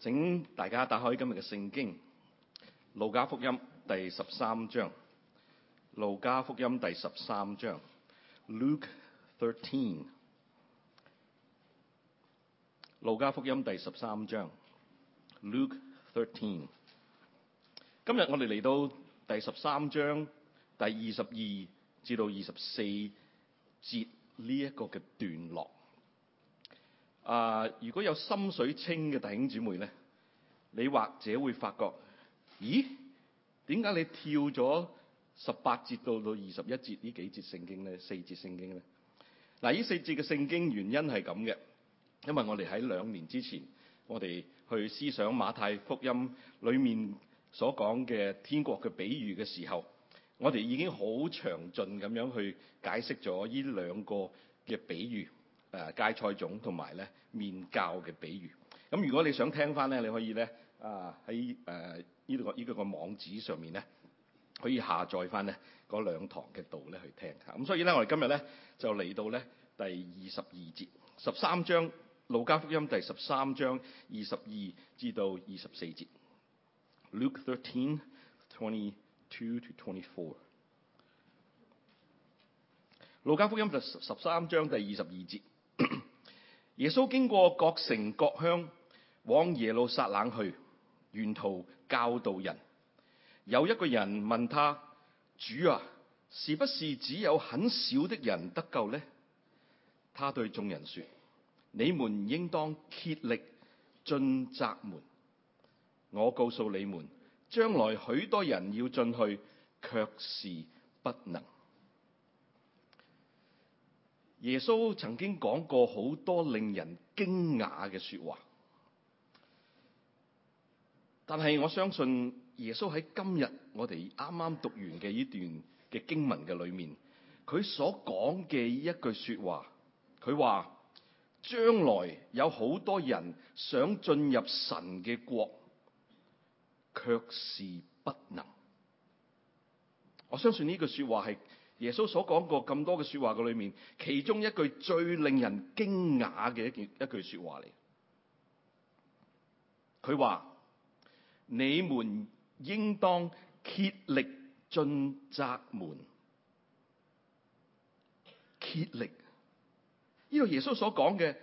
請大家打開今日嘅聖經《路加福音》第十三章，《路加福音》第十三章，Luke 13,《路加福音》第十三章，《Luke Thirteen》《路加福音》第十三章，《Luke Thirteen》今日我哋嚟到第十三章第二十二至到二十四節呢一個嘅段落。啊！如果有心水清嘅弟兄姊妹咧，你或者會發覺，咦？點解你跳咗十八節到到二十一節呢？幾節聖經咧？四節聖經咧？嗱，呢四節嘅聖經原因係咁嘅，因為我哋喺兩年之前，我哋去思想馬太福音裏面所講嘅天國嘅比喻嘅時候，我哋已經好詳盡咁樣去解釋咗呢兩個嘅比喻。誒、啊、芥菜種同埋咧麵酵嘅比喻，咁如果你想聽翻咧，你可以咧啊喺誒呢個呢、這個、網址上面咧，可以下載翻咧兩堂嘅道咧去聽。咁所以咧，我哋今日咧就嚟到咧第二十二節，十三章，路加福音第十三章二十二至到二十四節。Luke thirteen twenty two to twenty four。路加福音第十十三章22第二十二節。耶穌經過各城各鄉，往耶路撒冷去，沿途教導人。有一個人問他：主啊，是不是只有很少的人得救呢？他對眾人說：你們應當竭力進窄門。我告訴你們，將來許多人要進去，却是不能。耶穌曾經講過好多令人驚訝嘅說話，但係我相信耶穌喺今日我哋啱啱讀完嘅呢段嘅經文嘅裏面，佢所講嘅一句說話，佢話將來有好多人想進入神嘅國，卻是不能。我相信呢句說話係。耶穌所講過咁多嘅說話嘅裏面，其中一句最令人驚訝嘅一件一句，一句話來他說話嚟。佢話：你們應當竭力進窄門。竭力，呢度耶穌所講嘅，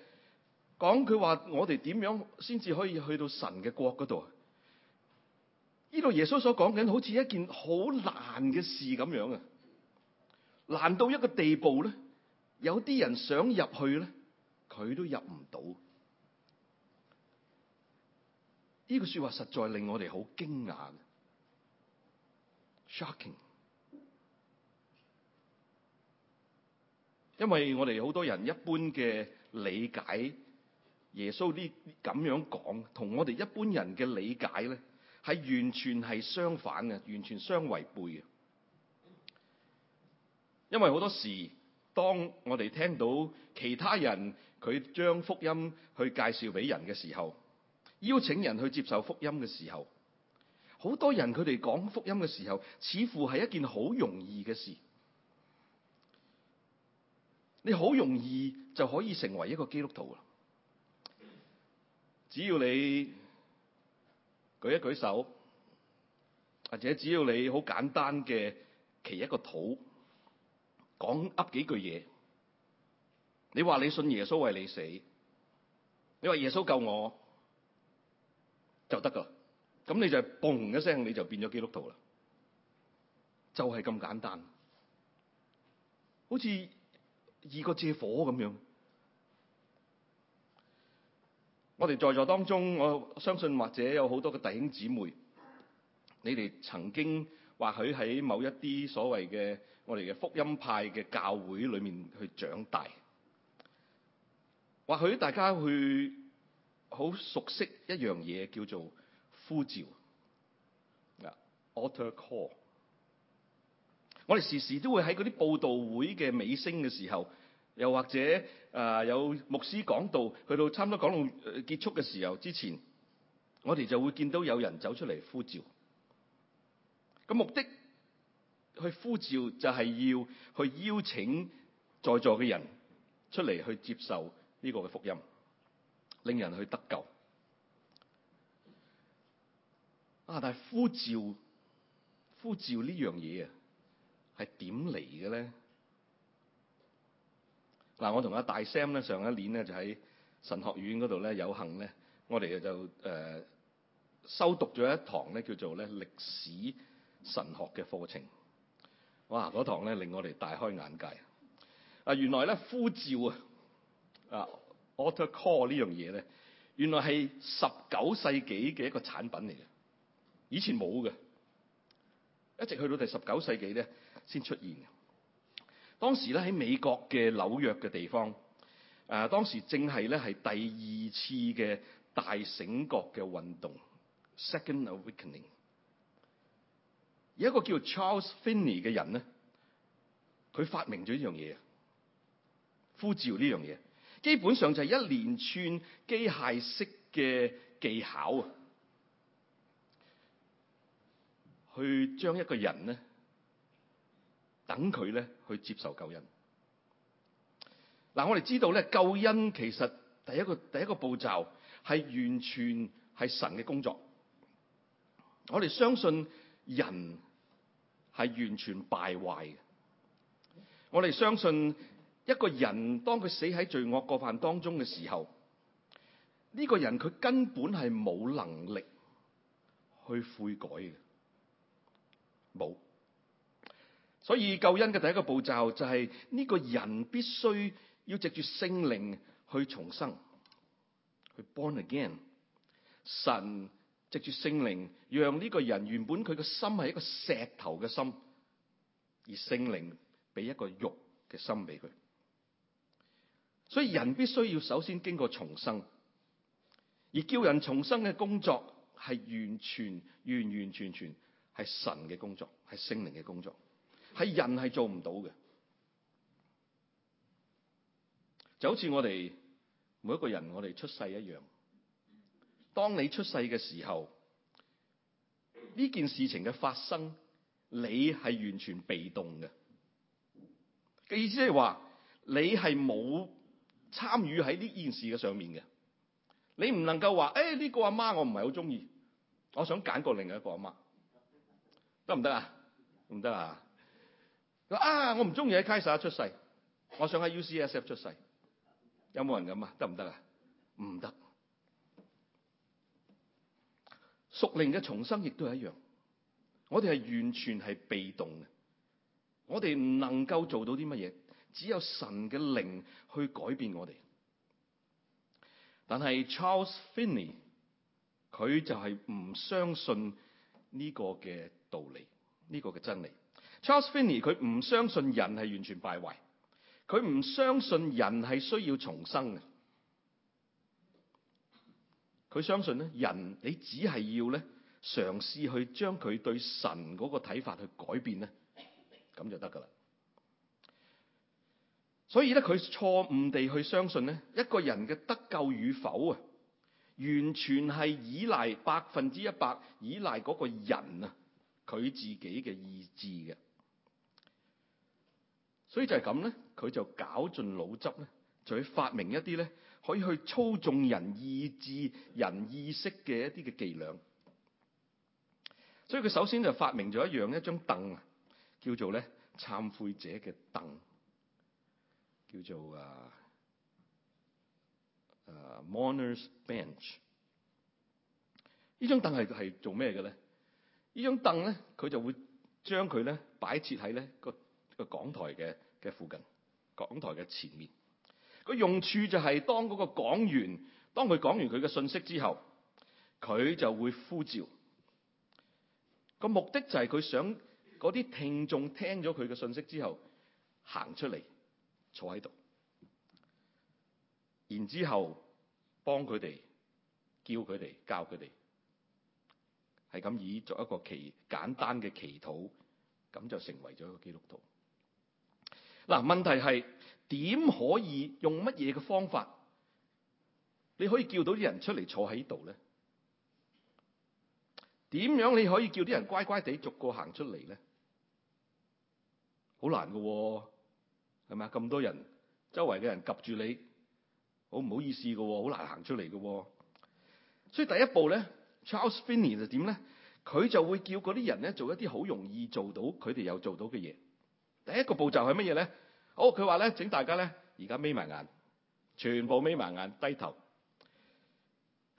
講佢話我哋點樣先至可以去到神嘅國嗰度啊？呢度耶穌所講緊好似一件好難嘅事咁樣啊！難到一個地步咧，有啲人想入去咧，佢都入唔到。呢句說話實在令我哋好驚訝 shocking。因為我哋好多人一般嘅理解，耶穌啲咁樣講，同我哋一般人嘅理解咧，係完全係相反嘅，完全相違背嘅。因為好多時，當我哋聽到其他人佢將福音去介紹俾人嘅時候，邀請人去接受福音嘅時候，好多人佢哋講福音嘅時候，似乎係一件好容易嘅事。你好容易就可以成為一個基督徒啦，只要你舉一舉手，或者只要你好簡單嘅祈一個禱。講噏幾句嘢，你話你信耶穌為你死，你話耶穌救我就得噶，咁你就嘣一聲你就變咗基督徒啦，就係咁簡單，好似二個借火咁樣。我哋在座當中，我相信或者有好多嘅弟兄姊妹，你哋曾經或許喺某一啲所謂嘅。我哋嘅福音派嘅教會裏面去長大，或許大家去好熟悉一樣嘢叫做呼召啊 altar call。我哋時時都會喺啲佈道會嘅尾聲嘅時候，又或者啊、呃、有牧師講道去到差唔多講到結束嘅時候之前，我哋就會見到有人走出嚟，呼召。咁目的？去呼召就係要去邀請在座嘅人出嚟去接受呢個嘅福音，令人去得救。啊！但係呼召、呼召呢樣嘢啊，係點嚟嘅咧？嗱，我同阿大 Sam 咧，上一年咧就喺神學院度咧有幸咧，我哋就誒、呃、修讀咗一堂咧叫做咧歷史神學嘅課程。哇！嗰堂咧令我哋大開眼界啊！原來咧呼召啊啊，auto call 呢樣嘢咧，原來係十九世紀嘅一個產品嚟嘅，以前冇嘅，一直去到第十九世紀咧先出現嘅。當時咧喺美國嘅紐約嘅地方，誒、啊、當時正係咧係第二次嘅大醒覺嘅運動 （Second Awakening）。有一個叫 Charles Finney 嘅人咧，佢發明咗一樣嘢，呼召呢樣嘢，基本上就係一連串機械式嘅技巧啊，去將一個人咧，等佢咧去接受救恩。嗱，我哋知道咧，救恩其實第一個第一個步驟係完全係神嘅工作，我哋相信人係完全敗壞嘅。我哋相信一個人當佢死喺罪惡過犯當中嘅時候，呢、這個人佢根本係冇能力去悔改嘅，冇。所以救恩嘅第一個步驟就係、是、呢、這個人必須要藉住聖靈去重生，去 born again。神。藉住聖靈，讓呢個人原本佢個心係一個石頭嘅心，而聖靈俾一個肉嘅心俾佢。所以人必須要首先經過重生，而叫人重生嘅工作係完全完完全全係神嘅工作，係聖靈嘅工作，係人係做唔到嘅。就好似我哋每一個人，我哋出世一樣。當你出世嘅時候，呢件事情嘅發生，你係完全被動嘅。嘅意思係話，你係冇參與喺呢件事嘅上面嘅。你唔能夠話，誒，呢個阿媽我唔係好中意，我想揀過另一個阿媽，得唔得啊？唔得啊？啊，我唔中意喺 Kaiser 出世，我想喺 UCSF 出世，有冇人咁啊？得唔得啊？唔得。屬靈嘅重生亦都係一樣，我哋係完全係被動嘅，我哋唔能夠做到啲乜嘢，只有神嘅靈去改變我哋。但係 Charles Finney 佢就係唔相信呢個嘅道理，呢個嘅真理。Charles Finney 佢唔相信人係完全敗壞，佢唔相信人係需要重生嘅。佢相信咧，人你只係要咧嘗試去將佢對神嗰個睇法去改變咧，咁就得噶啦。所以咧，佢錯誤地去相信咧，一個人嘅得救與否啊，完全係依賴百分之一百依賴嗰個人啊，佢自己嘅意志嘅。所以就係咁咧，佢就搞盡腦汁咧，就去發明一啲咧。可以去操縱人意志、人意識嘅一啲嘅伎倆，所以佢首先就發明咗一樣一張凳啊，叫做咧懺悔者嘅凳，叫做啊啊、uh, uh, Mourner's Bench。張呢張凳係係做咩嘅咧？呢張凳咧，佢就會將佢咧擺設喺咧個個講台嘅嘅附近，講台嘅前面。個用處就係當嗰個講員，當佢講完佢嘅信息之後，佢就會呼召。個目的就係佢想嗰啲聽眾聽咗佢嘅信息之後，行出嚟坐喺度，然之後幫佢哋叫佢哋，教佢哋係咁以作一個祈簡單嘅祈禱，咁就成為咗一個基督徒。嗱，啊，問題係。點可以用乜嘢嘅方法？你可以叫到啲人出嚟坐喺度咧？點樣你可以叫啲人乖乖地逐個行出嚟咧？好難嘅喎，係咪啊？咁多人，周圍嘅人及住你，好唔好意思嘅喎？好難行出嚟嘅喎。所以第一步咧，Charles Finney 就點咧？佢就會叫嗰啲人咧做一啲好容易做到佢哋又做到嘅嘢。第一個步驟係乜嘢咧？好，佢話咧，請大家咧，而家眯埋眼，全部眯埋眼，低頭。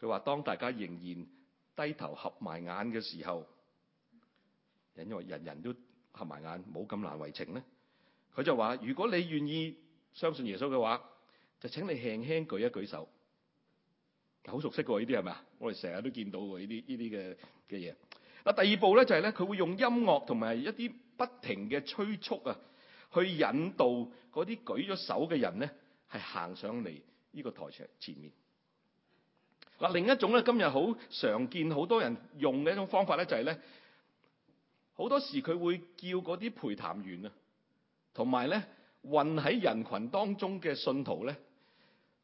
佢話當大家仍然低頭合埋眼嘅時候，因為人人都合埋眼，冇咁難為情咧。佢就話，如果你願意相信耶穌嘅話，就請你輕輕舉一舉手。好熟悉嘅喎，呢啲係咪啊？我哋成日都見到嘅呢啲呢啲嘅嘅嘢。嗱，第二步咧就係咧，佢會用音樂同埋一啲不停嘅催促啊。去引導嗰啲舉咗手嘅人咧，係行上嚟呢個台場前面。嗱，另一種咧，今日好常見，好多人用嘅一種方法咧，就係咧，好多時佢會叫嗰啲陪談員啊，同埋咧混喺人群當中嘅信徒咧，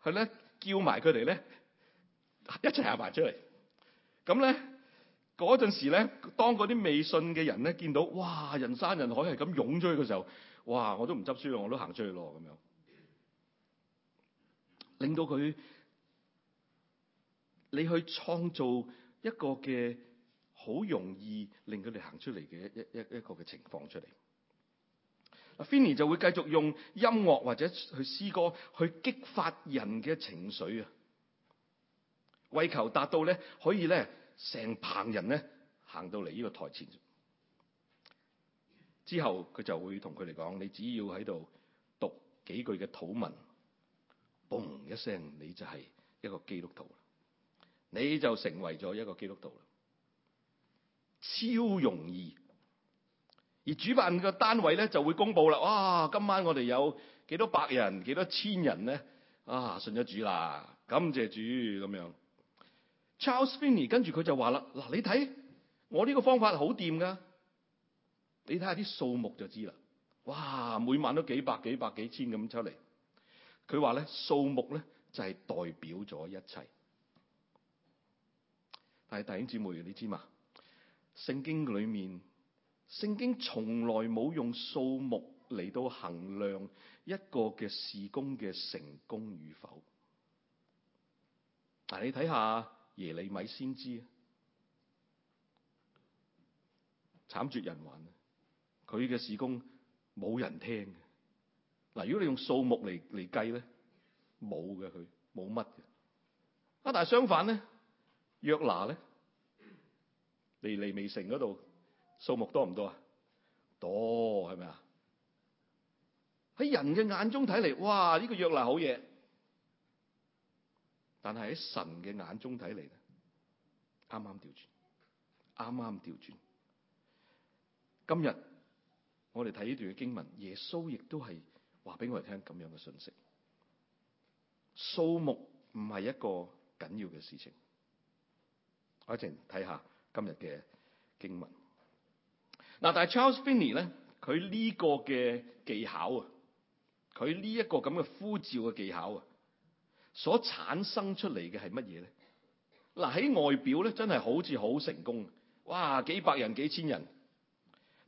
係咧叫埋佢哋咧一齊行埋出嚟。咁咧嗰陣時咧，當嗰啲未信嘅人咧見到哇人山人海係咁湧咗去嘅時候。哇！我都唔執輸，我都行出去咯咁樣，令到佢你去創造一個嘅好容易令佢哋行出嚟嘅一一一個嘅情況出嚟。阿 Fanny 就會繼續用音樂或者去詩歌去激發人嘅情緒啊，為求達到咧，可以咧成棚人咧行到嚟呢個台前。之後佢就會同佢哋講：你只要喺度讀幾句嘅禱文，嘣一聲你就係一個基督徒啦，你就成為咗一個基督徒啦，超容易。而主辦個單位咧就會公佈啦。哇、啊！今晚我哋有幾多百人、幾多千人咧？啊，信咗主啦，感謝主咁樣。Charles Finney 跟住佢就話啦：嗱，你睇我呢個方法好掂㗎。你睇下啲數目就知啦，哇！每晚都幾百、幾百、幾千咁出嚟。佢話咧，數目咧就係、是、代表咗一切。但係弟兄姊妹，你知嘛？聖經裏面，聖經從來冇用數目嚟到衡量一個嘅事工嘅成功與否。嗱，你睇下耶利米先知，慘絕人寰。佢嘅事工冇人聽嘅，嗱，如果你用數目嚟、嚟計咧，冇嘅佢冇乜嘅，啊，但係相反咧，約拿咧尼尼微城嗰度數目多唔多啊？多係咪啊？喺人嘅眼中睇嚟，哇！呢個約拿好嘢，但係喺神嘅眼中睇嚟咧，啱啱調轉，啱啱調轉，今日。我哋睇呢段嘅經文，耶穌亦都係話俾我哋聽咁樣嘅信息。數目唔係一個緊要嘅事情。我一陣睇下今日嘅經文。嗱，但係 Charles Finney 咧，佢呢個嘅技巧啊，佢呢一個咁嘅呼召嘅技巧啊，所產生出嚟嘅係乜嘢咧？嗱，喺外表咧，真係好似好成功，哇！幾百人、幾千人。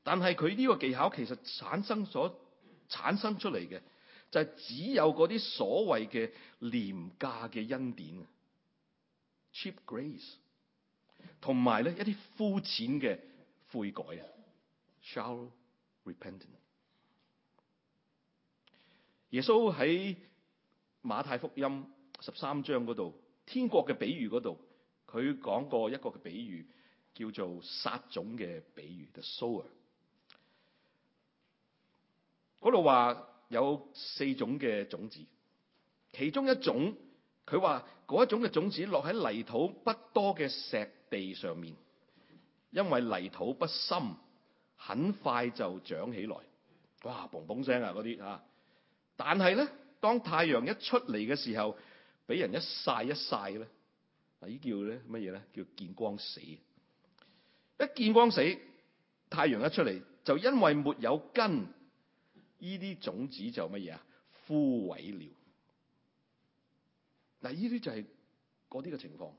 但係佢呢個技巧其實產生所產生出嚟嘅就係只有嗰啲所謂嘅廉價嘅恩典啊，cheap grace，同埋咧一啲膚淺嘅悔改啊，shallow repentance。Repent. 耶穌喺馬太福音十三章嗰度，天國嘅比喻嗰度，佢講過一個嘅比喻叫做撒種嘅比喻，the sower。嗰度話有四種嘅種子，其中一種佢話嗰一種嘅種子落喺泥土不多嘅石地上面，因為泥土不深，很快就長起來。哇！嘣嘣聲啊，嗰啲，但係咧，當太陽一出嚟嘅時候，俾人一曬一曬咧，啊！呢叫咧乜嘢咧？叫見光死。一見光死，太陽一出嚟就因為沒有根。依啲種子就乜嘢啊？枯萎了。嗱，依啲就係嗰啲嘅情況，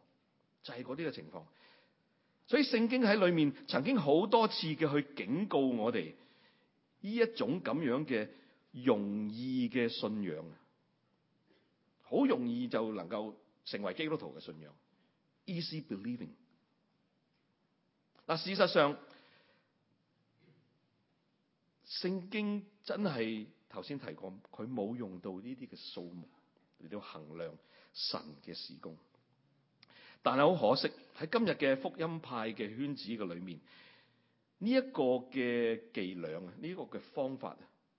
就係嗰啲嘅情況。所以聖經喺裏面曾經好多次嘅去警告我哋，呢一種咁樣嘅容易嘅信仰，好容易就能夠成為基督徒嘅信仰。Easy believing。嗱，事實上聖經。真係頭先提過，佢冇用到呢啲嘅數目嚟到衡量神嘅事工。但係好可惜，喺今日嘅福音派嘅圈子嘅裏面，呢一個嘅伎倆啊，呢一個嘅方法，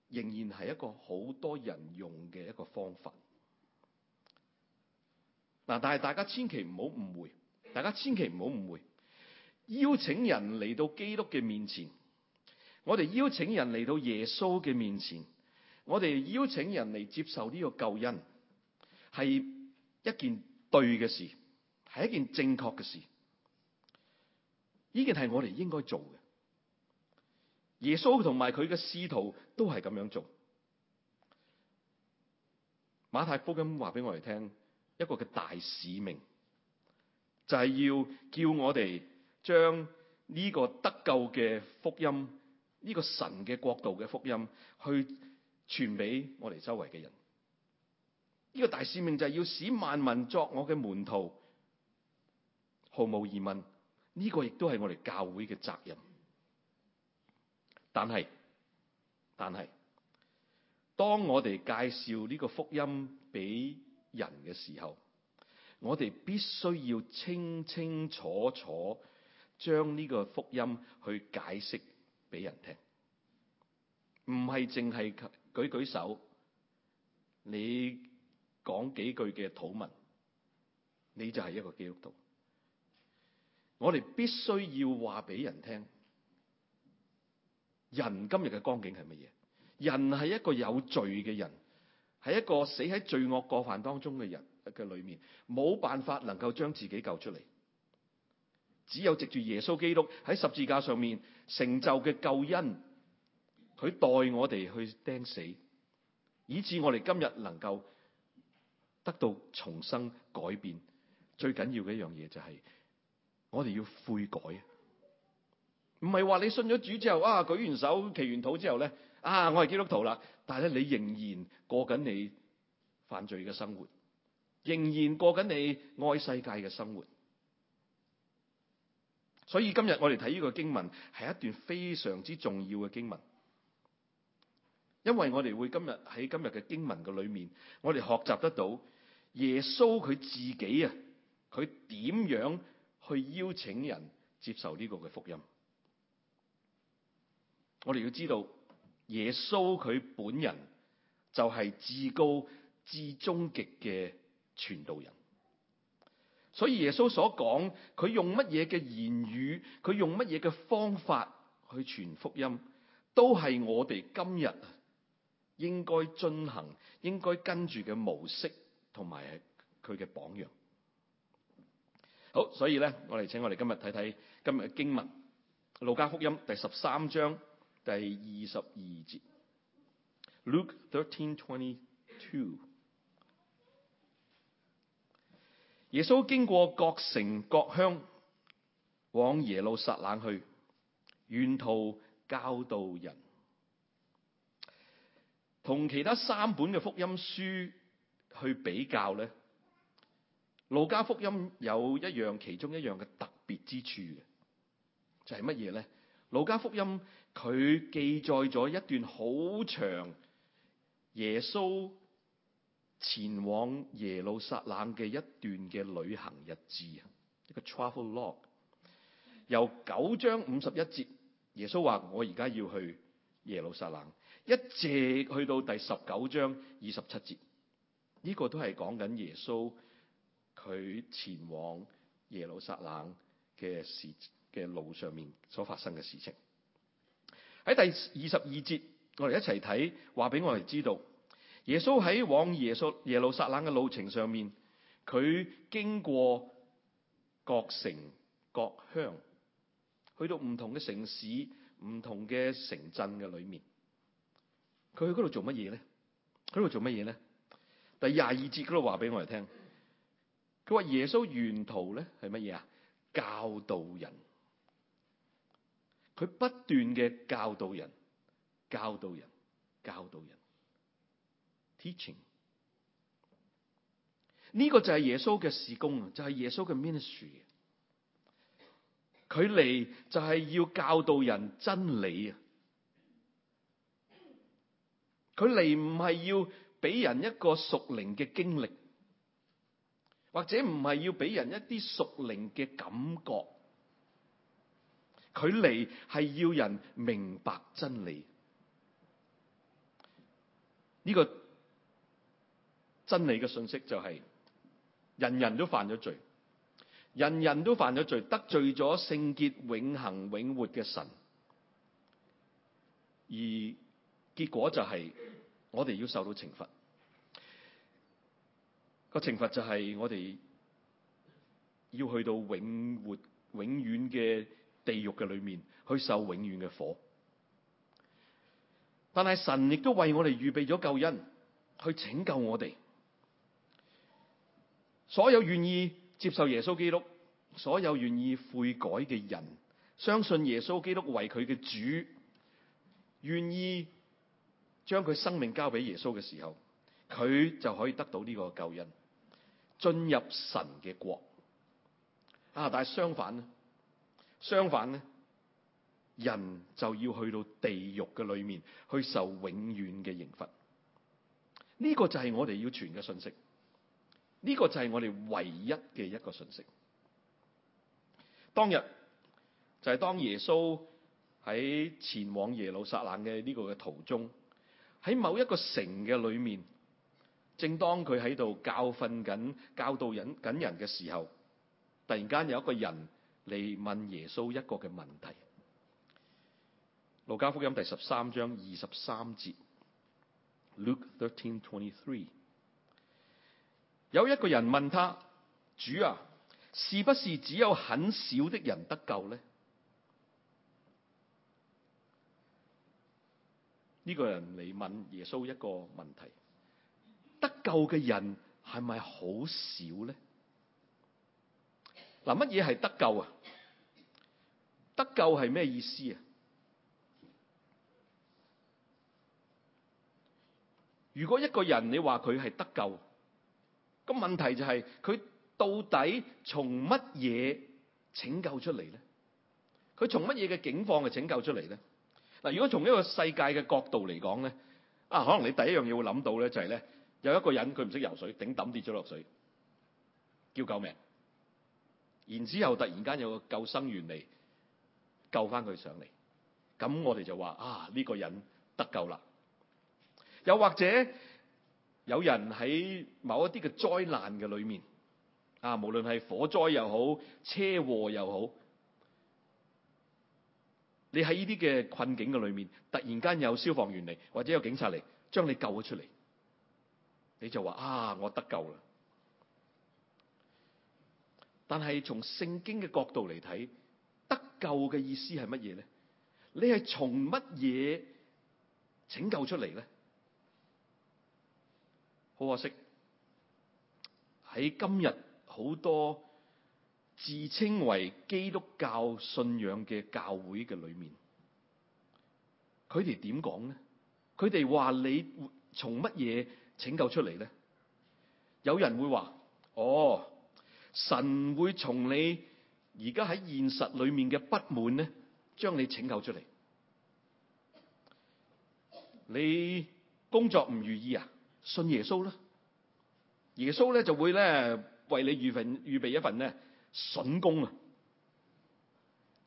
仍然係一個好多人用嘅一個方法。嗱，但係大家千祈唔好誤會，大家千祈唔好誤會，邀請人嚟到基督嘅面前。我哋邀請人嚟到耶穌嘅面前，我哋邀請人嚟接受呢個救恩，係一件對嘅事，係一件正確嘅事。呢件係我哋應該做嘅。耶穌同埋佢嘅使徒都係咁樣做。馬太福音話俾我哋聽，一個嘅大使命就係、是、要叫我哋將呢個得救嘅福音。呢個神嘅國度嘅福音去傳俾我哋周圍嘅人，呢個大使命就係要使萬民作我嘅門徒，毫無疑問呢個亦都係我哋教會嘅責任。但係但係，當我哋介紹呢個福音俾人嘅時候，我哋必須要清清楚楚將呢個福音去解釋。俾人聽，唔係淨係舉舉手，你講幾句嘅禱文，你就係一個基督徒。我哋必須要話俾人聽，人今日嘅光景係乜嘢？人係一個有罪嘅人，係一個死喺罪惡過犯當中嘅人嘅裏面，冇辦法能夠將自己救出嚟。只有藉住耶穌基督喺十字架上面，成就嘅救恩，佢代我哋去釘死，以致我哋今日能夠得到重生改變。最緊要嘅一樣嘢就係，我哋要悔改啊。唔係話你信咗主之後啊，舉完手、祈完禱之後咧啊，我係基督徒啦。但係咧，你仍然過緊你犯罪嘅生活，仍然過緊你愛世界嘅生活。所以今日我哋睇呢個經文係一段非常之重要嘅經文，因為我哋會今日喺今日嘅經文嘅裏面，我哋學習得到耶穌佢自己啊，佢點樣去邀請人接受呢個嘅福音？我哋要知道耶穌佢本人就係至高至終極嘅傳道人。所以耶穌所講，佢用乜嘢嘅言語，佢用乜嘢嘅方法去傳福音，都係我哋今日應該進行、應該跟住嘅模式同埋佢嘅榜樣。好，所以咧，我哋請我哋今日睇睇今日嘅經文《路加福音》第十三章第二十二節 （Luke 13:22）。耶穌經過各城各鄉往耶路撒冷去，沿途教導人。同其他三本嘅福音書去比較咧，路加福音有一樣其中一樣嘅特別之處嘅，就係乜嘢咧？路加福音佢記載咗一段好長耶穌。前往耶路撒冷嘅一段嘅旅行日誌啊，一個 travel log，由九章五十一節，耶穌話：我而家要去耶路撒冷，一直去到第十九章二十七節，呢個都係講緊耶穌佢前往耶路撒冷嘅事嘅路上面所發生嘅事情。喺第二十二節，我哋一齊睇，話俾我哋知道。耶穌喺往耶穌耶路撒冷嘅路程上面，佢經過各城各鄉，去到唔同嘅城市、唔同嘅城鎮嘅裏面，佢去嗰度做乜嘢咧？佢喺度做乜嘢咧？第廿二節嗰度話俾我哋聽，佢話耶穌沿途咧係乜嘢啊？教導人，佢不斷嘅教導人，教導人，教導人。teaching 呢個就係耶穌嘅事工啊，就係、是、耶穌嘅 ministry。佢嚟就係要教導人真理啊，佢嚟唔係要俾人一個屬靈嘅經歷，或者唔係要俾人一啲屬靈嘅感覺，佢嚟係要人明白真理呢、這個。真理嘅信息就係、是、人人都犯咗罪，人人都犯咗罪，得罪咗聖潔永恆永活嘅神，而結果就係我哋要受到懲罰。個懲罰就係我哋要去到永活永遠嘅地獄嘅裏面去受永遠嘅火。但係神亦都為我哋預備咗救恩去拯救我哋。所有願意接受耶穌基督、所有願意悔改嘅人，相信耶穌基督為佢嘅主，願意將佢生命交俾耶穌嘅時候，佢就可以得到呢個救恩，進入神嘅國。啊！但係相反呢，相反呢，人就要去到地獄嘅裏面，去受永遠嘅刑罰。呢個就係我哋要傳嘅信息。呢、這個就係我哋唯一嘅一個信息。當日就係、是、當耶穌喺前往耶路撒冷嘅呢個嘅途中，喺某一個城嘅裏面，正當佢喺度教訓緊教導人緊人嘅時候，突然間有一個人嚟問耶穌一個嘅問題。路加福音第十三章二十三節。Luke thirteen twenty three。有一個人問他：主啊，是不是只有很少的人得救咧？呢個人嚟問耶穌一個問題：得救嘅人係咪好少咧？嗱，乜嘢係得救啊？得救係咩意思啊？如果一個人你話佢係得救，個問題就係佢到底從乜嘢拯救出嚟咧？佢從乜嘢嘅境況嘅拯救出嚟咧？嗱，如果從呢個世界嘅角度嚟講咧，啊，可能你第一樣嘢會諗到咧，就係咧有一個人佢唔識游水，頂揼跌咗落水，叫救命，然之後突然間有個救生員嚟救翻佢上嚟，咁我哋就話啊，呢個人得救啦。又或者，有人喺某一啲嘅災難嘅裏面啊，無論係火災又好，車禍又好，你喺呢啲嘅困境嘅裏面，突然間有消防員嚟，或者有警察嚟，將你救咗出嚟，你就話啊，我得救啦！但係從聖經嘅角度嚟睇，得救嘅意思係乜嘢咧？你係從乜嘢拯救出嚟咧？好可惜，喺今日好多自稱為基督教信仰嘅教會嘅裏面，佢哋點講呢？佢哋話你從乜嘢拯救出嚟呢？有人會話，哦，神會從你而家喺現實裏面嘅不滿呢，將你拯救出嚟。你工作唔如意啊？信耶穌啦，耶穌咧就會咧為你預備預備一份咧筍工啊，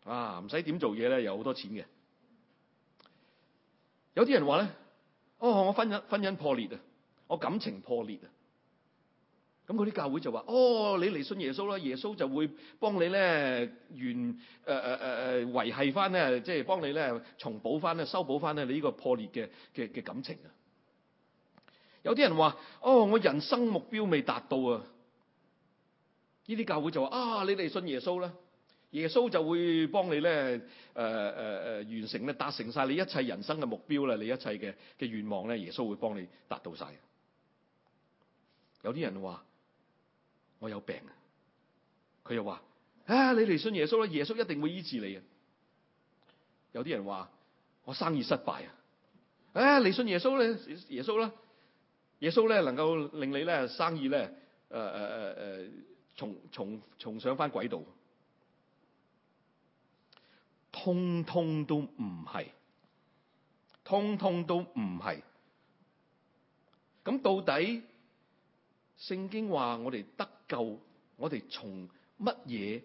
啊唔使點做嘢咧，有好多錢嘅。有啲人話咧，哦，我婚姻婚姻破裂啊，我感情破裂啊，咁嗰啲教會就話，哦你嚟信耶穌啦，耶穌就會幫你咧完誒誒誒維繫翻咧，即係幫你咧重補翻咧，修補翻咧你呢個破裂嘅嘅嘅感情啊。有啲人話：哦，我人生目標未達到啊！呢啲教會就話：啊，你嚟信耶穌啦，耶穌就會幫你咧，誒誒誒，完成咧，達成晒你一切人生嘅目標啦，你一切嘅嘅願望咧，耶穌會幫你達到晒。有啲人話：我有病啊！佢又話：啊，你嚟信耶穌啦，耶穌一定會醫治你啊！有啲人話：我生意失敗啊！啊，嚟信耶穌咧，耶穌啦。耶穌咧能夠令你咧生意咧誒誒誒誒重重重上返軌道，通通都唔係，通通都唔係。咁到底聖經話我哋得救，我哋從乜嘢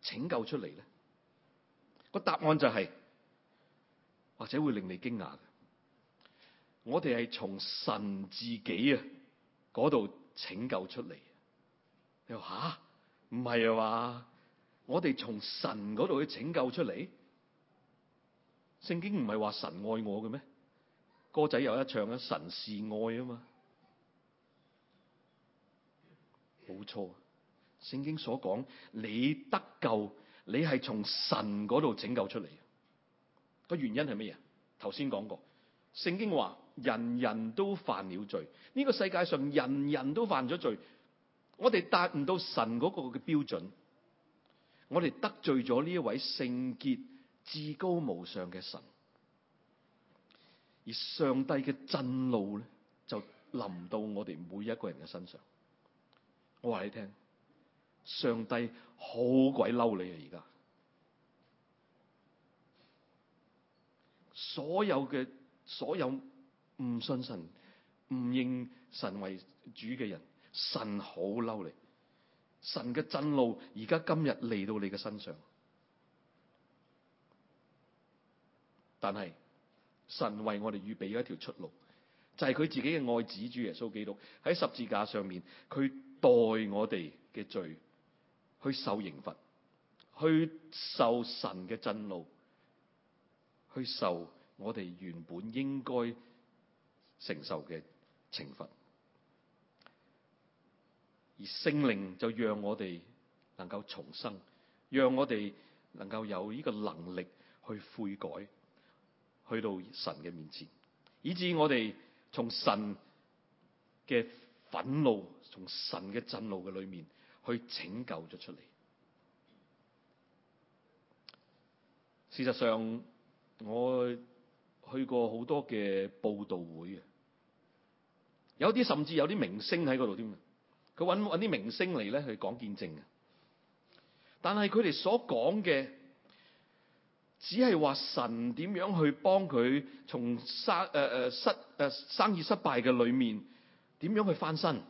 拯救出嚟咧？個答案就係、是，或者會令你驚訝嘅。我哋係從神自己啊嗰度拯救出嚟。你話吓唔係啊嘛？話我哋從神嗰度去拯救出嚟。聖經唔係話神愛我嘅咩？歌仔有一唱啊，神是愛啊嘛。冇錯。聖經所講，你得救，你係從神嗰度拯救出嚟。個原因係乜嘢？頭先講過，聖經話。人人都犯了罪，呢個世界上人人都犯咗罪，我哋達唔到神嗰個嘅標準，我哋得罪咗呢一位聖潔至高無上嘅神，而上帝嘅震怒咧就臨到我哋每一個人嘅身上。我話你聽，上帝好鬼嬲你啊！而家所有嘅所有，唔信神、唔認神為主嘅人，神好嬲你。神嘅震怒而家今日嚟到你嘅身上，但係神為我哋預備咗一條出路，就係、是、佢自己嘅愛子主耶穌基督喺十字架上面，佢代我哋嘅罪去受刑罰，去受神嘅震怒，去受我哋原本應該。承受嘅懲罰，而聖靈就讓我哋能夠重生，讓我哋能夠有呢個能力去悔改，去到神嘅面前，以致我哋從神嘅憤怒，從神嘅震怒嘅裏面去拯救咗出嚟。事實上，我去過好多嘅布道會有啲甚至有啲明星喺嗰度添，佢揾揾啲明星嚟咧，去講見證嘅，但係佢哋所講嘅，只係話神點樣去幫佢從生誒誒、呃、失誒、呃、生意失敗嘅裏面，點樣去翻身。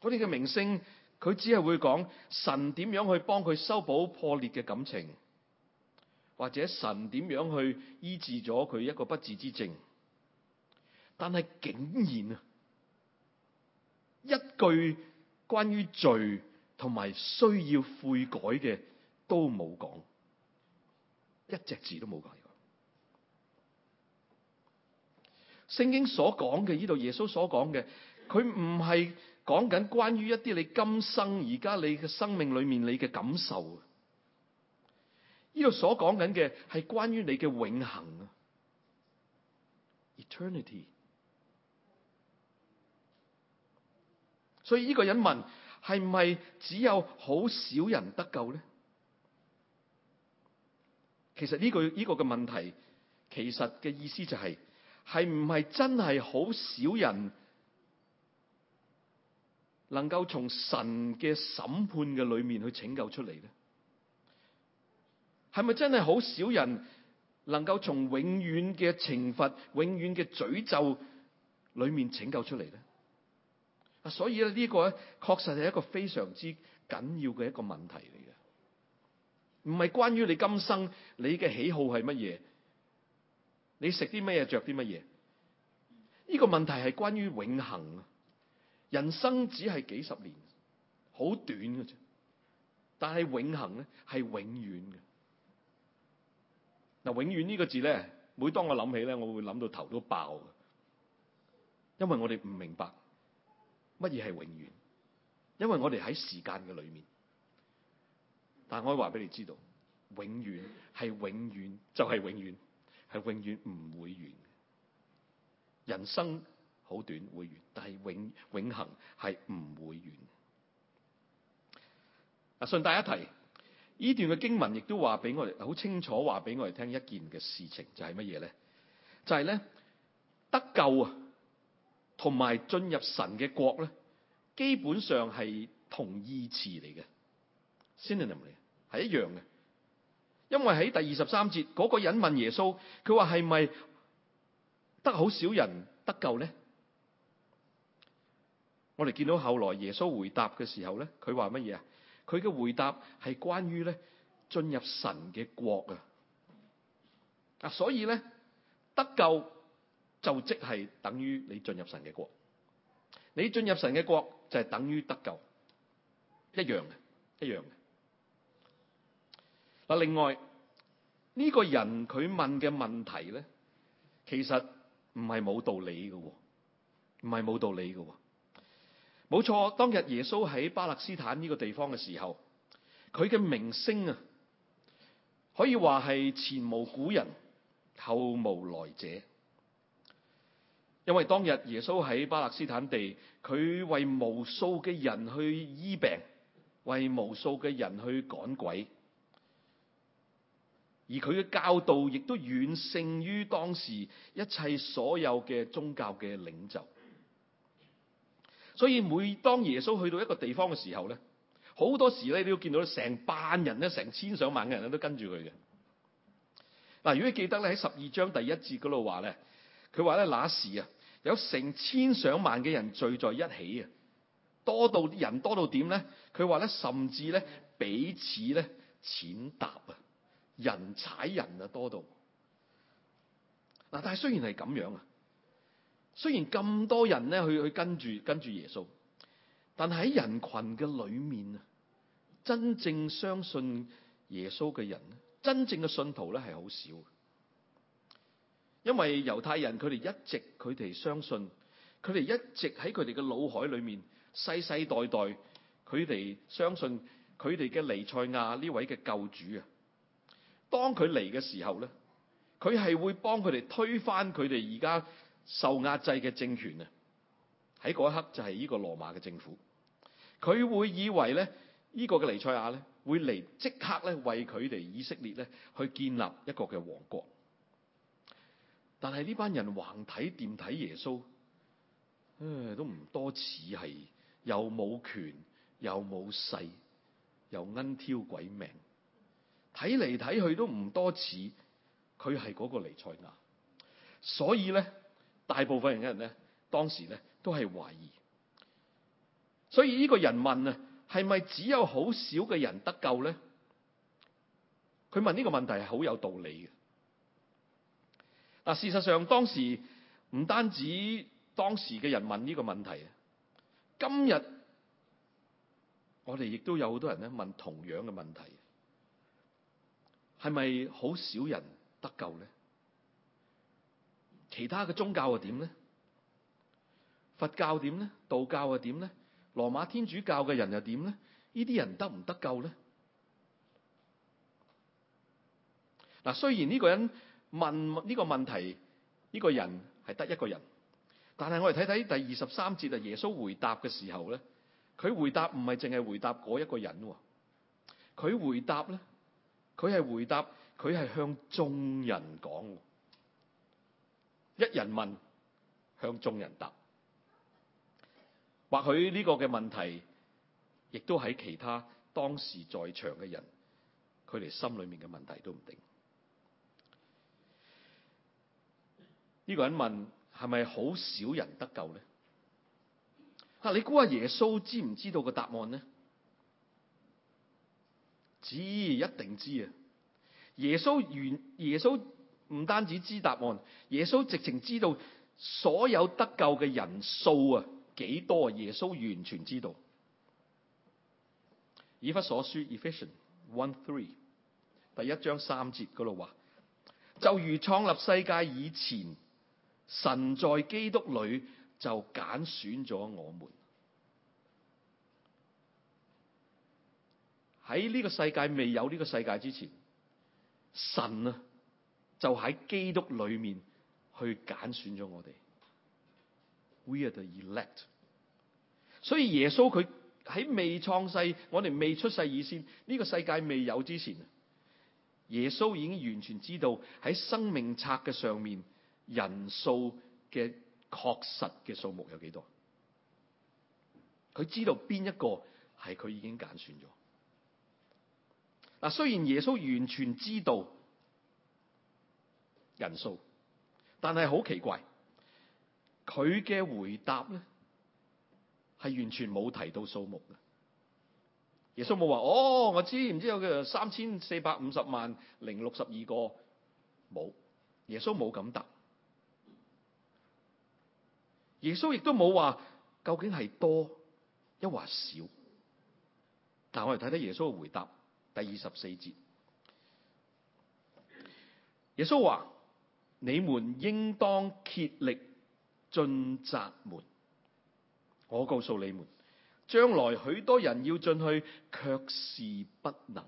嗰啲嘅明星，佢只係會講神點樣去幫佢修補破裂嘅感情，或者神點樣去醫治咗佢一個不治之症。但係竟然啊，一句關於罪同埋需要悔改嘅都冇講，一隻字都冇講。聖經所講嘅，呢度耶穌所講嘅，佢唔係講緊關於一啲你今生而家你嘅生命裏面你嘅感受。呢度所講緊嘅係關於你嘅永恆啊，eternity。所以呢個人問，係唔係只有好少人得救咧？其實呢句呢個嘅、呢個、問題，其實嘅意思就係、係，係唔係真係好少人能夠從神嘅審判嘅裏面去拯救出嚟咧？係咪真係好少人能夠從永遠嘅懲罰、永遠嘅詛咒裏面拯救出嚟咧？啊，所以咧呢個咧，確實係一個非常之緊要嘅一個問題嚟嘅，唔係關於你今生你嘅喜好係乜嘢，你食啲乜嘢、着啲乜嘢，呢個問題係關於永恆啊！人生只係幾十年，好短嘅啫，但係永恆咧係永遠嘅。嗱，永遠呢個字咧，每當我諗起咧，我會諗到頭都爆嘅，因為我哋唔明白。乜嘢係永遠？因為我哋喺時間嘅裏面，但係我可以話俾你知道，永遠係永遠就係永遠，係永遠唔會完。人生好短會完，但係永永恆係唔會完。啊，順帶一提，呢段嘅經文亦都話俾我哋好清楚，話俾我哋聽一件嘅事情就係乜嘢咧？就係咧得救啊！同埋進入神嘅國咧，基本上係同義詞嚟嘅，synonym 嚟，係一樣嘅。因為喺第二十三節，嗰個人問耶穌，佢話係咪得好少人得救咧？我哋見到後來耶穌回答嘅時候咧，佢話乜嘢啊？佢嘅回答係關於咧進入神嘅國啊。啊，所以咧得救。就即係等於你進入神嘅國，你進入神嘅國就係等於得救，一樣嘅，一樣嘅。嗱，另外呢個人佢問嘅問題咧，其實唔係冇道理嘅，唔係冇道理嘅。冇錯，當日耶穌喺巴勒斯坦呢個地方嘅時候，佢嘅名聲啊，可以話係前無古人，後無來者。因為當日耶穌喺巴勒斯坦地，佢為無數嘅人去醫病，為無數嘅人去趕鬼，而佢嘅教導亦都遠勝於當時一切所有嘅宗教嘅領袖。所以每當耶穌去到一個地方嘅時候咧，好多時咧，你都見到成班人咧，成千上萬嘅人咧都跟住佢嘅。嗱，如果你記得咧，喺十二章第一節嗰度話咧。佢話咧，那時啊，有成千上萬嘅人聚在一起啊，多到人多到點咧？佢話咧，甚至咧彼此咧踐踏啊，人踩人啊多到。嗱，但係雖然係咁樣啊，雖然咁多人咧去去跟住跟住耶穌，但係喺人群嘅裏面啊，真正相信耶穌嘅人，真正嘅信徒咧係好少。因為猶太人佢哋一直佢哋相信，佢哋一直喺佢哋嘅腦海裏面，世世代代佢哋相信佢哋嘅尼賽亞呢位嘅救主啊。當佢嚟嘅時候咧，佢係會幫佢哋推翻佢哋而家受壓制嘅政權啊。喺嗰一刻就係呢個羅馬嘅政府，佢會以為咧呢，呢個嘅尼賽亞咧會嚟即刻咧為佢哋以色列咧去建立一個嘅王國。但係呢班人橫睇掂睇耶穌，唉，都唔多似係又冇權又冇勢又恩挑鬼命，睇嚟睇去都唔多似佢係嗰個彌賽亞，所以咧大部分人咧當時咧都係懷疑，所以呢個人問啊，係咪只有好少嘅人得救咧？佢問呢個問題係好有道理嘅。嗱，事實上當時唔單止當時嘅人問呢個問題啊，今日我哋亦都有好多人咧問同樣嘅問題，係咪好少人得救咧？其他嘅宗教又點咧？佛教點咧？道教又點咧？羅馬天主教嘅人又點咧？呢啲人得唔得救咧？嗱，雖然呢個人問呢個問題，呢個人係得一個人，但係我哋睇睇第二十三節啊，耶穌回答嘅時候咧，佢回答唔係淨係回答一個人，佢回答咧，佢係回答佢係向眾人講，一人問，向眾人答。或許呢個嘅問題，亦都喺其他當時在場嘅人，佢哋心裏面嘅問題都唔定。呢個人問係咪好少人得救咧？你估下耶穌知唔知道個答案咧？知，一定知啊！耶穌完，耶穌唔單止知答案，耶穌直情知道所有得救嘅人數啊，幾多啊？耶穌完全知道。以弗所書 Ephesians 1:3第一章三節嗰度話：，就如創立世界以前。神在基督裏就揀選咗我們，喺呢個世界未有呢個世界之前，神啊就喺基督裏面去揀選咗我哋。We are the elect。所以耶穌佢喺未創世，我哋未出世以前，呢個世界未有之前，耶穌已經完全知道喺生命冊嘅上面。人數嘅確實嘅數目有幾多？佢知道邊一個係佢已經揀選咗？嗱，雖然耶穌完全知道人數，但係好奇怪，佢嘅回答咧係完全冇提到數目嘅。耶穌冇話哦，我知唔知有嘅三千四百五十萬零六十二個冇。耶穌冇咁答。耶穌亦都冇話究竟係多抑或少，但我哋睇睇耶穌嘅回答，第二十四節，耶穌話：你們應當竭力進窄門。我告訴你們，將來許多人要進去，卻是不能。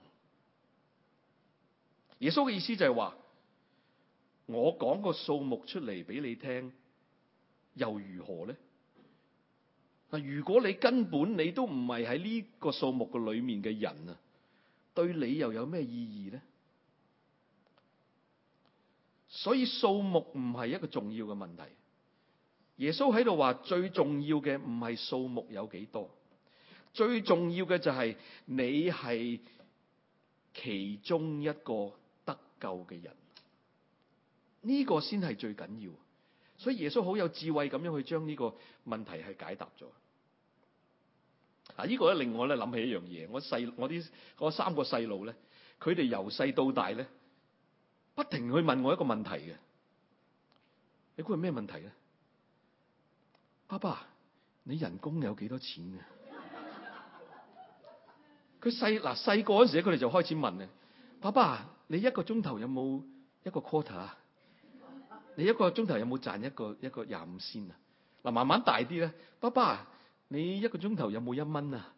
耶穌嘅意思就係話，我講個數目出嚟俾你聽。又如何呢？嗱，如果你根本你都唔係喺呢個數目嘅裏面嘅人啊，對你又有咩意義呢？所以數目唔係一個重要嘅問題。耶穌喺度話，最重要嘅唔係數目有幾多，最重要嘅就係你係其中一個得救嘅人，呢個先係最緊要。所以耶穌好有智慧咁樣去將呢個問題係解答咗。啊！呢個咧令我咧諗起一樣嘢，我細我啲我三個細路咧，佢哋由細到大咧，不停去問我一個問題嘅。你估係咩問題咧？爸爸，你人工有幾多錢啊？佢細，嗱，細個嗰時佢哋就開始問嘅。爸爸，你一個鐘頭有冇一個 quarter 啊？你一個鐘頭有冇賺一個一個廿五仙啊？嗱，慢慢大啲咧，爸爸，你一個鐘頭有冇一蚊啊？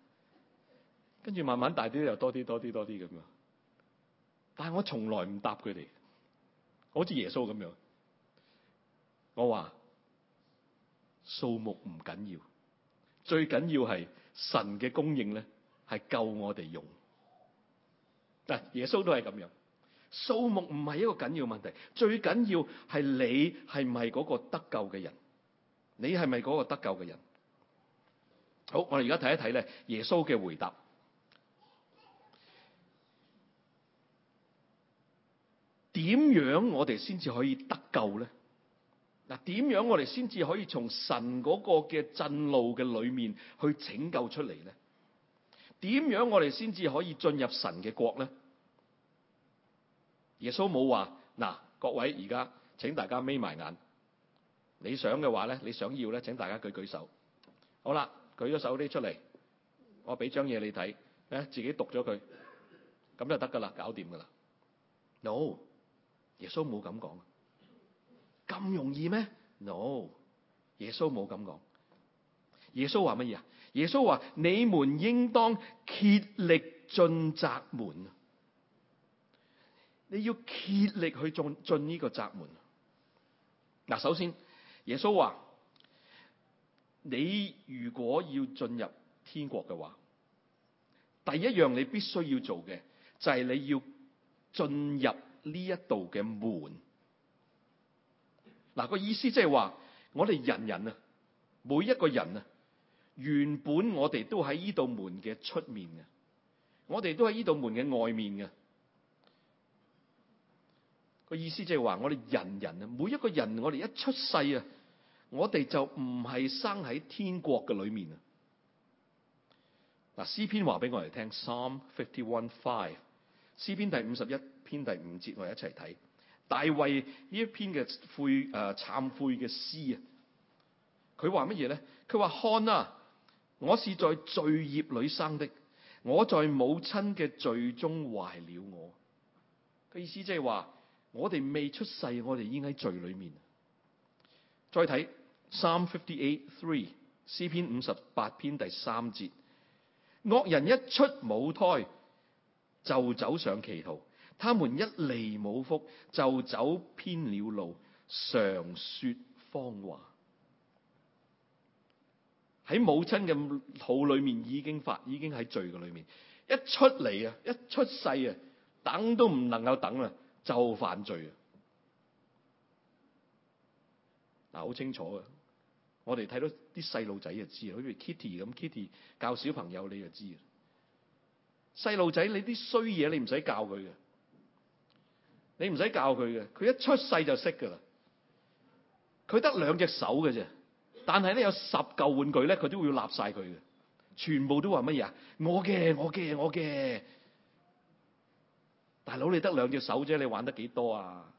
跟住慢慢大啲，又多啲多啲多啲咁啊！但係我從來唔答佢哋，好似耶穌咁樣，我話數目唔緊要，最緊要係神嘅供應咧係夠我哋用。但耶穌都係咁樣。數目唔係一個緊要問題，最緊要係你係唔係嗰個得救嘅人？你係咪嗰個得救嘅人？好，我哋而家睇一睇咧耶穌嘅回答。點樣我哋先至可以得救咧？嗱，點樣我哋先至可以從神嗰個嘅震怒嘅裏面去拯救出嚟咧？點樣我哋先至可以進入神嘅國咧？耶穌冇話嗱，各位而家，請大家眯埋眼。你想嘅話咧，你想要咧，請大家舉舉手。好啦，舉咗手啲出嚟，我俾張嘢你睇，誒，自己讀咗佢，咁就得噶啦，搞掂噶啦。No，耶穌冇咁講，咁容易咩？No，耶穌冇咁講。耶穌話乜嘢啊？耶穌話你們應當竭力進窄門。你要竭力去進進呢個窄門。嗱，首先耶穌話：你如果要進入天國嘅話，第一樣你必須要做嘅就係、是、你要進入呢一度嘅門。嗱、那個意思即係話，我哋人人啊，每一個人啊，原本我哋都喺呢度門嘅出面嘅，我哋都喺呢度門嘅外面嘅。意思即係話，我哋人人啊，每一個人我一，我哋一出世啊，我哋就唔係生喺天國嘅裏面啊。嗱，詩篇話俾我哋聽，Psalm 51:5詩篇第五十一篇第五節，我哋一齊睇，大衛呢一篇嘅悔誒、呃、懺悔嘅詩啊，佢話乜嘢咧？佢話看啊，我是在罪孽裏生的，我在母親嘅罪中懷了我。嘅意思即係話。我哋未出世，我哋已經喺罪裏面。再睇三 fifty eight three 詩篇五十八篇第三節，惡人一出母胎就走上歧途，他們一離母腹就走偏了路，常說謊話。喺母親嘅肚裏面已經發，已經喺罪嘅裏面。一出嚟啊，一出世啊，等都唔能夠等啦。就犯罪啊！嗱，好清楚嘅。我哋睇到啲細路仔就知，好似 Kitty 咁，Kitty 教小朋友你就知。細路仔你啲衰嘢你唔使教佢嘅，你唔使教佢嘅，佢一出世就識噶啦。佢得兩隻手嘅啫，但係咧有十嚿玩具咧，佢都會要立晒佢嘅，全部都話乜嘢啊？我嘅，我嘅，我嘅。大佬，你得兩隻手啫，你玩得幾多啊？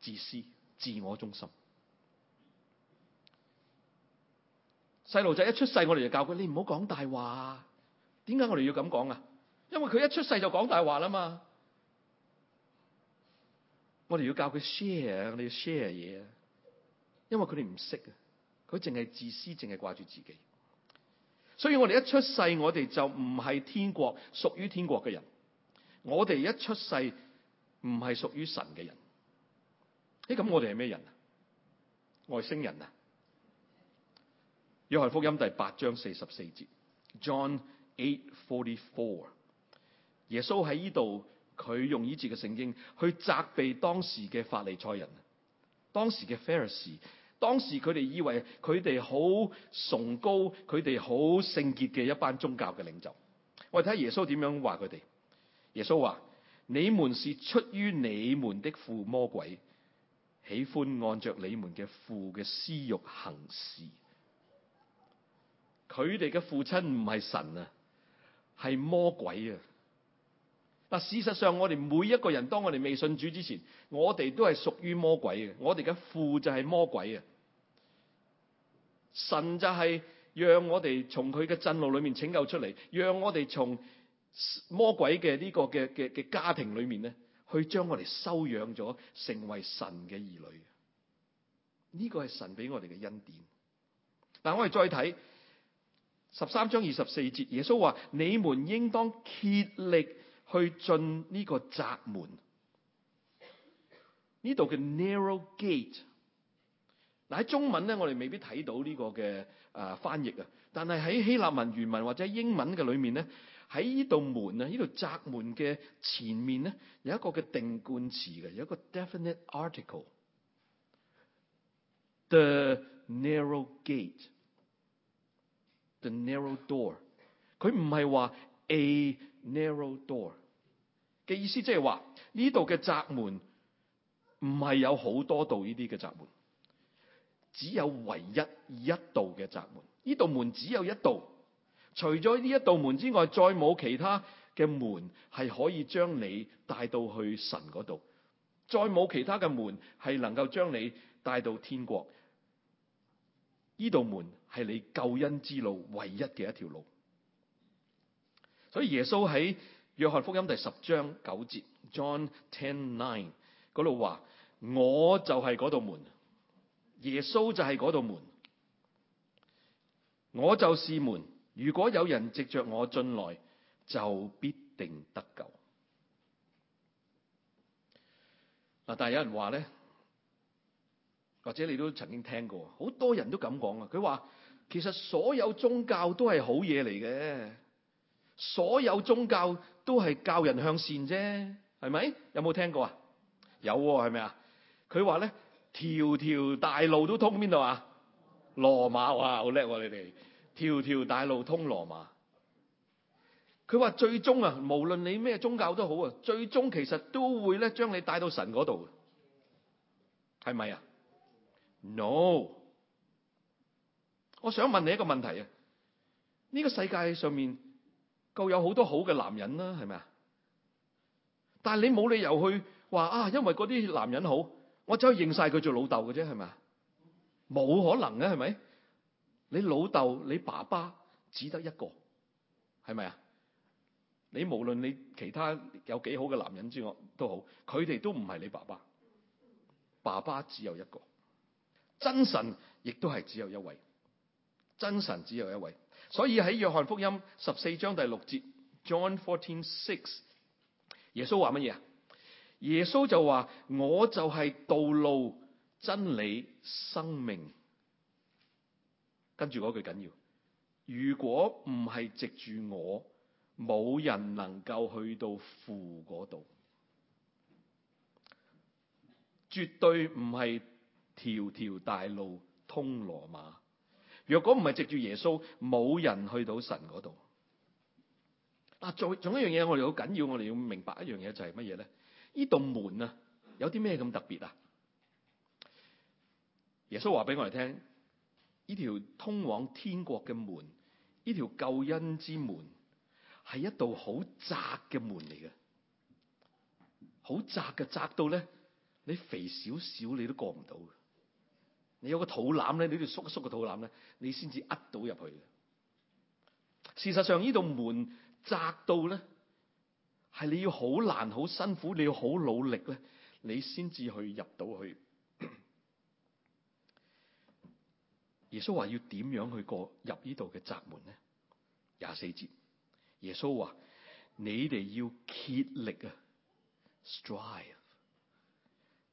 自私、自我中心。細路仔一出世，我哋就教佢：你唔好講大話。點解我哋要咁講啊？因為佢一出世就講大話啦嘛。我哋要教佢 share，我哋要 share 嘢，因為佢哋唔識啊。佢淨係自私，淨係掛住自己。所以我哋一出世，我哋就唔係天國、屬於天國嘅人。我哋一出世唔係屬於神嘅人，誒，咁我哋係咩人啊？外星人啊？約翰福音第八章四十四節，John Eight Forty Four，耶穌喺呢度佢用呢節嘅聖經去責備當時嘅法利賽人。當時嘅 Pharisee，當時佢哋以為佢哋好崇高，佢哋好聖潔嘅一班宗教嘅領袖。我哋睇下耶穌點樣話佢哋。耶穌話：你們是出於你們的父魔鬼，喜歡按着你們嘅父嘅私慾行事。佢哋嘅父親唔係神啊，係魔鬼啊。但事實上，我哋每一個人，當我哋未信主之前，我哋都係屬於魔鬼嘅。我哋嘅父就係魔鬼啊。神就係讓我哋從佢嘅正路裏面拯救出嚟，讓我哋從。魔鬼嘅呢個嘅嘅嘅家庭裏面咧，去將我哋收養咗，成為神嘅兒女。呢個係神俾我哋嘅恩典。但我哋再睇十三章二十四節，耶穌話：你們應當竭力去進呢個窄門。呢度嘅 narrow gate，嗱喺中文咧，我哋未必睇到呢個嘅啊翻譯啊，但係喺希臘文原文或者英文嘅裏面咧。喺呢道門啊，呢道窄門嘅前面咧，有一個嘅定冠詞嘅，有一個 definite article，the narrow gate，the narrow door。佢唔係話 a narrow door 嘅意思，就是說，即係話呢度嘅窄門唔係有好多道呢啲嘅窄門，只有唯一一道嘅窄門。呢道門只有一道。除咗呢一道門之外，再冇其他嘅門係可以將你帶到去神度，再冇其他嘅門係能夠將你帶到天國。呢道門係你救恩之路唯一嘅一條路。所以耶穌喺約翰福音第十章九節 （John 10:9） 度話，我就係道門，耶穌就係道門，我就是門。如果有人藉著我進來，就必定得救。嗱，但係有人話咧，或者你都曾經聽過，好多人都咁講啊。佢話其實所有宗教都係好嘢嚟嘅，所有宗教都係教人向善啫，係咪？有冇聽過啊？有喎，係咪啊？佢話咧，條條大路都通邊度啊？羅馬哇，好叻喎，你哋。條條大路通羅馬，佢話最終啊，無論你咩宗教都好啊，最終其實都會咧將你帶到神嗰度，係咪啊？No，我想問你一個問題啊，呢個世界上面夠有好多好嘅男人啦，係咪啊？但係你冇理由去話啊，因為嗰啲男人好，我走去認晒佢做老豆嘅啫，係咪啊？冇可能嘅，係咪？你老豆、你爸爸只得一個，係咪啊？你無論你其他有幾好嘅男人之外他們都好，佢哋都唔係你爸爸。爸爸只有一個，真神亦都係只有一位，真神只有一位。所以喺約翰福音十四章第六節，John fourteen six，耶穌話乜嘢啊？耶穌就話：我就係道路、真理、生命。跟住嗰句緊要，如果唔係藉住我，冇人能夠去到父嗰度，絕對唔係條條大路通羅馬。若果唔係藉住耶穌，冇人去到神嗰度。啊仲仲一樣嘢，我哋好緊要，我哋要明白一樣嘢就係乜嘢咧？呢道門啊，有啲咩咁特別啊？耶穌話俾我哋聽。呢條通往天國嘅門，呢條救恩之門，係一道好窄嘅門嚟嘅，好窄嘅，窄到咧，你肥少少你都過唔到，你有個肚腩咧，你要縮一縮個肚腩咧，你先至呃到入去嘅。事實上呢道門窄到咧，係你要好難、好辛苦、你要好努力咧，你先至去入到去。耶穌話要點樣去過入呢度嘅窄門呢？廿四節，耶穌話：你哋要竭力啊，strive，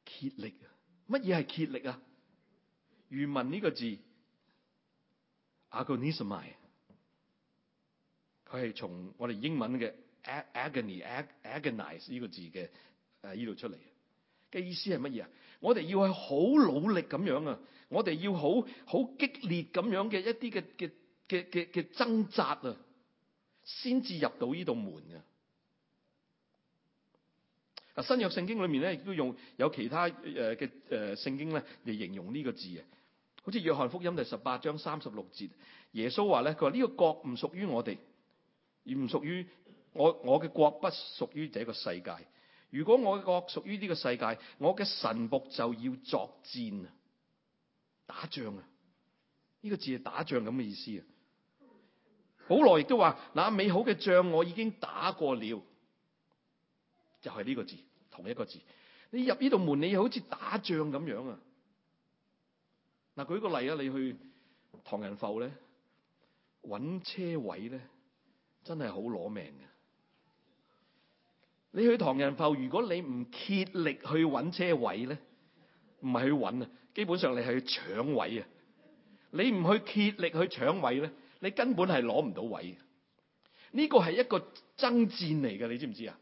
竭力啊。乜嘢係竭力啊？原文呢個字，agonism，佢係從我哋英文嘅 agony，agonize ag, 呢個字嘅誒呢度出嚟嘅。意思係乜嘢啊？我哋要係好努力咁樣啊！我哋要好好激烈咁樣嘅一啲嘅嘅嘅嘅嘅掙扎啊，先至入到呢道門啊。嗱，新約聖經裏面咧，亦都用有其他誒嘅誒聖經咧嚟形容呢個字啊。好似約翰福音第十八章三十六節，耶穌話咧：佢話呢個國唔屬於我哋，而唔屬於我我嘅國不屬於這個世界。如果我國屬於呢個世界，我嘅神僕就要作戰啊，打仗啊，呢、這個字係打仗咁嘅意思啊。保羅亦都話：嗱，美好嘅仗我已經打過了，就係、是、呢個字,同一個字。你入呢度門，你好似打仗咁樣啊。嗱，舉個例啊，你去唐人埠咧，搵車位咧，真係好攞命嘅。你去唐人埠，如果你唔竭力去揾車位咧，唔係去揾啊，基本上你係去搶位啊。你唔去竭力去搶位咧，你根本係攞唔到位。呢個係一個爭戰嚟嘅，你知唔知啊？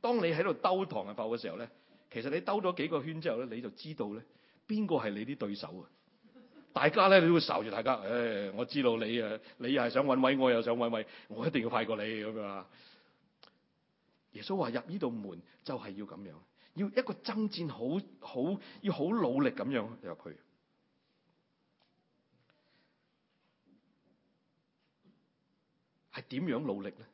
當你喺度兜唐人埠嘅時候咧，其實你兜咗幾個圈之後咧，你就知道咧，邊個係你啲對手啊？大家咧都會仇住大家，哎，我知道你啊，你又係想揾位，我又想揾位，我一定要快過你咁啊！耶穌話入呢道門就係要咁樣，要一個爭戰，好好要好努力咁樣入去。係點樣努力咧？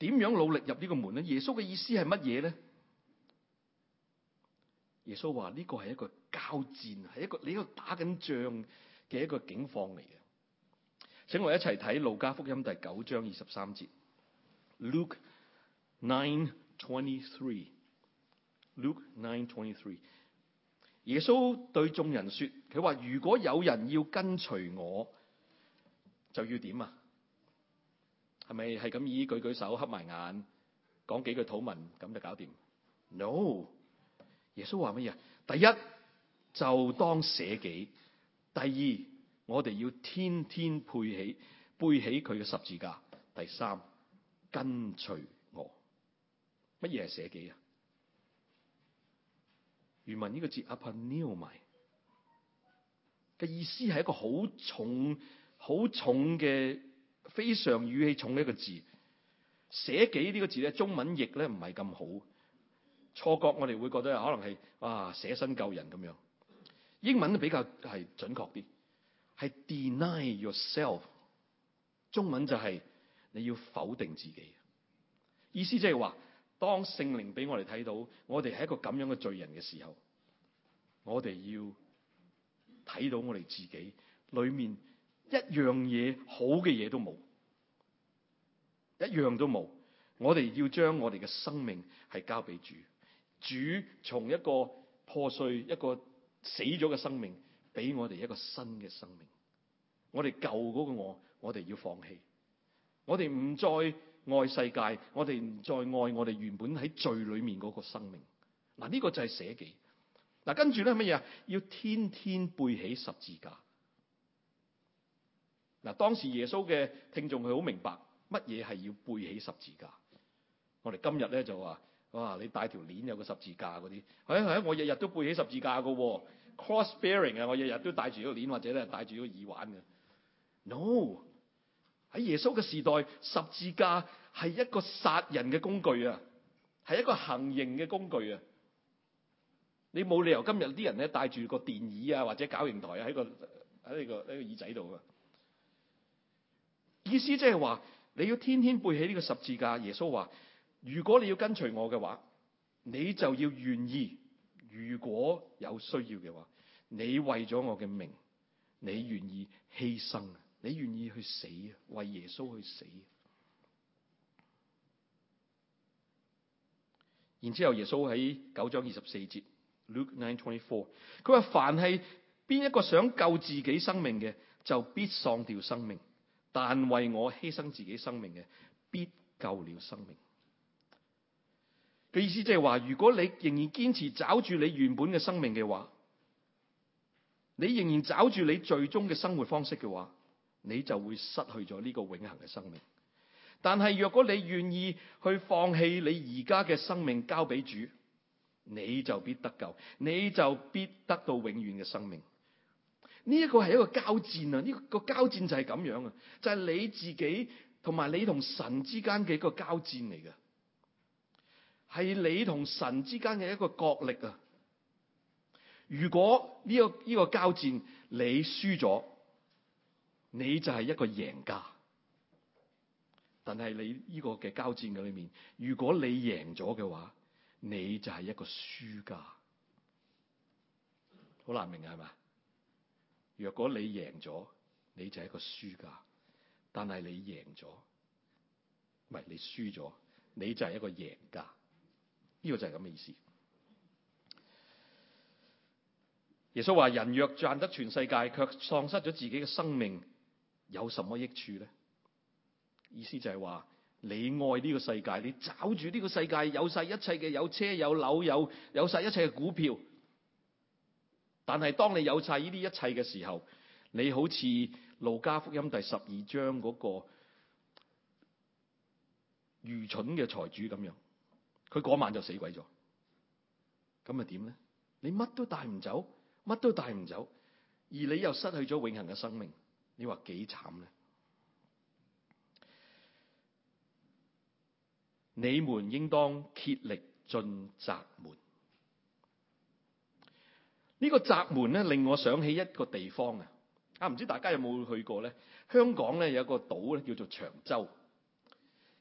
點樣努力入呢個門咧？耶穌嘅意思係乜嘢咧？耶穌話呢個係一個交戰，係一個你喺度打緊仗嘅一個景況嚟嘅。請我一齊睇路加福音第九章二十三節。Luke。Nine twenty three，Luke nine twenty three。耶穌對眾人說：佢話如果有人要跟隨我，就要點啊？係咪係咁？以舉舉手，合埋眼，講幾句土文，咁就搞掂？No。耶穌話乜嘢？第一就當捨己；第二，我哋要天天背起背起佢嘅十字架；第三，跟隨。乜嘢係捨己啊？原文呢個字 uponnew 埋嘅意思係一個好重、好重嘅，非常語氣重嘅一個字。捨己呢個字咧，中文譯咧唔係咁好，錯覺我哋會覺得可能係啊，捨身救人咁樣。英文比較係準確啲，係 deny yourself。中文就係你要否定自己，意思即係話。當聖靈俾我哋睇到，我哋係一個咁樣嘅罪人嘅時候，我哋要睇到我哋自己裏面一樣嘢好嘅嘢都冇，一樣都冇。我哋要將我哋嘅生命係交俾主，主從一個破碎、一個死咗嘅生命，俾我哋一個新嘅生命。我哋舊嗰個我，我哋要放棄，我哋唔再。愛世界，我哋唔再愛我哋原本喺罪裏面嗰個生命。嗱、啊、呢、呢個就係捨己。嗱跟住咧乜嘢啊？要天天背起十字架。嗱、啊、當時耶穌嘅聽眾佢好明白乜嘢係要背起十字架。我哋今日咧就話：哇！你戴條鏈有個十字架嗰啲，哎哎，我日日都背起十字架噶、哦、cross bearing 啊！我日日都帶住個鏈或者咧帶住個耳環嘅。No。喺耶穌嘅時代，十字架係一個殺人嘅工具啊，係一個行刑嘅工具啊。你冇理由今日啲人咧帶住個電椅啊或者絞刑台啊喺個喺呢個呢個耳仔度啊。意思即係話，你要天天背起呢個十字架。耶穌話：如果你要跟隨我嘅話，你就要願意。如果有需要嘅話，你為咗我嘅命，你願意犧牲啊。你願意去死啊？為耶穌去死。然之後耶穌喺九章二十四節 （Luke 9:24），佢話，凡係邊一個想救自己生命嘅，就必喪掉生命；但為我犧牲自己生命嘅，必救了生命。佢意思即係話，如果你仍然堅持找住你原本嘅生命嘅話，你仍然找住你最終嘅生活方式嘅話，你就會失去咗呢個永恒嘅生命。但係如果你願意去放棄你而家嘅生命交畀主，你就必得救，你就必得到永遠嘅生命。呢一個係一個交戰啊！呢個交戰就係咁樣啊，就係你自己同埋你同神之間嘅一個交戰嚟嘅，係你同神之間嘅一個角力啊。如果呢個呢個交戰你輸咗。你就係一個贏家，但係你呢個嘅交戰裏面，如果你贏咗嘅話，你就係一個輸家，好難明係咪？若果你贏咗，你就係一個輸家；但係你贏咗，唔係你輸咗，你就係一個贏家。呢個就係咁嘅意思。耶穌話：人若賺得全世界，卻喪失咗自己嘅生命。有什麼益處咧？意思就係話你愛呢個世界，你找住呢個世界有晒一切嘅，有車有樓有有晒一切嘅股票。但係當你有晒呢啲一切嘅時候，你好似路加福音第十二章嗰個愚蠢嘅財主咁樣，佢嗰晚就死鬼咗。咁又點咧？你乜都帶唔走，乜都帶唔走，而你又失去咗永恆嘅生命。你話幾慘咧？你們應當竭力進窄門。呢、這個窄門咧，令我想起一個地方啊！啊，唔知大家有冇去過咧？香港咧有一個島咧，叫做長洲。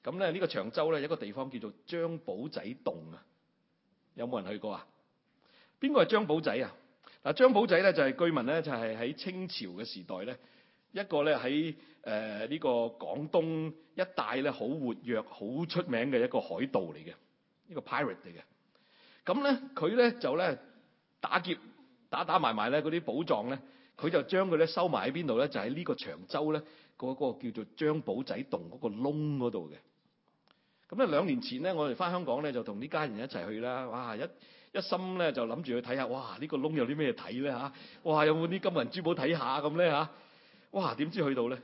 咁咧呢、這個長洲咧有一個地方叫做張保仔洞啊！有冇人去過啊？邊個係張保仔啊？嗱，張保仔咧就係據聞咧就係、是、喺清朝嘅時代咧。一個咧喺誒呢個廣東一帶咧，好活躍、好出名嘅一個海盜嚟嘅，呢個 pirate 嚟嘅。咁咧，佢咧就咧打劫打打埋埋咧，嗰啲寶藏咧，佢就將佢咧收埋喺邊度咧？就喺呢個長洲咧，嗰、嗰個叫做張保仔洞嗰個窿嗰度嘅。咁咧，兩年前咧，我哋翻香港咧，就同啲家人一齊去啦。哇！一一心咧就諗住去睇下，哇！呢個、呢個窿有啲咩睇咧吓，哇！有冇啲金銀珠寶睇下咁咧吓。啊。哇！點知去到咧，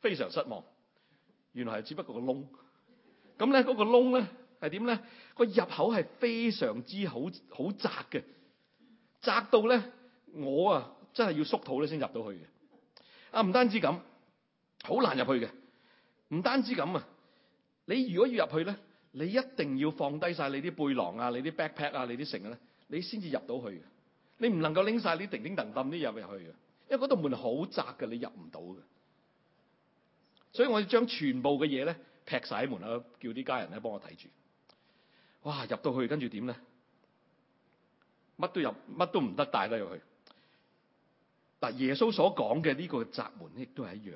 非常失望。原來係只不過個窿。咁咧，嗰個窿咧係點咧？個入口係非常之好好窄嘅，窄到咧我啊真係要縮肚咧先入到去嘅。啊，唔單止咁，好難入去嘅。唔單止咁啊，你如果要入去咧，你一定要放低晒你啲背囊啊、你啲 backpack 啊、你啲成嘅咧，你先至入到去嘅。你唔能夠拎晒啲叮叮噹噹啲嘢入去嘅。因為嗰道門好窄嘅，你入唔到嘅，所以我哋將全部嘅嘢咧，撇晒喺門口，叫啲家人咧幫我睇住。哇，入到去跟住點咧？乜都入，乜都唔得帶得入去。嗱，耶穌所講嘅呢個窄門亦都係一樣。